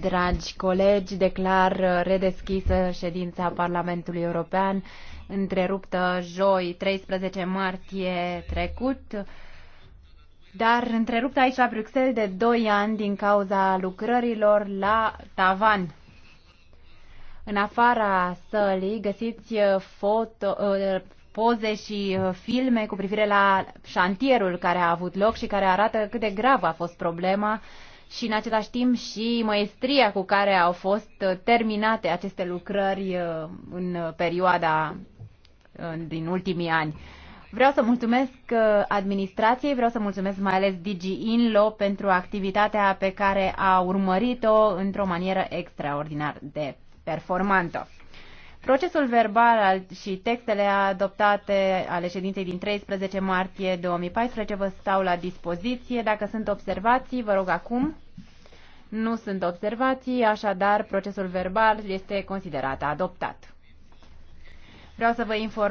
Dragi colegi, declar redeschisă ședința Parlamentului European, întreruptă joi 13 martie trecut, dar întreruptă aici la Bruxelles de 2 ani din cauza lucrărilor la tavan. În afara sălii găsiți uh, foto, uh, poze și uh, filme cu privire la șantierul care a avut loc și care arată cât de grav a fost problema și în același timp și măestria cu care au fost uh, terminate aceste lucrări uh, în perioada uh, din ultimii ani. Vreau să mulțumesc administrației, vreau să mulțumesc mai ales Digi Inlo pentru activitatea pe care a urmărit-o într-o manieră extraordinar de performantă. Procesul verbal și textele adoptate ale ședinței din 13 martie 2014 vă stau la dispoziție. Dacă sunt observații, vă rog acum. Nu sunt observații, așadar procesul verbal este considerat adoptat. Vreau să vă inform